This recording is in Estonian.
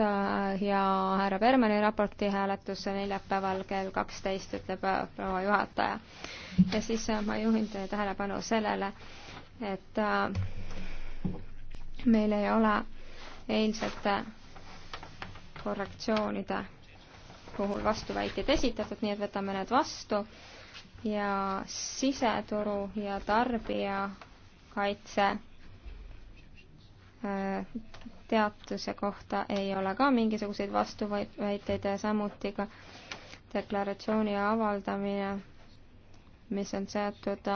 raport ja härra Bermani raporti hääletus neljapäeval kell kaksteist, ütleb proua juhataja. ja siis ma juhin teie tähelepanu sellele, et äh, meil ei ole eilsete korrektsioonide puhul vastuväiteid esitatud, nii et võtame need vastu ja siseturu ja tarbijakaitse Äh, teatuse kohta ei ole ka mingisuguseid vastuväiteid ja samuti ka deklaratsiooni avaldamine, mis on seotud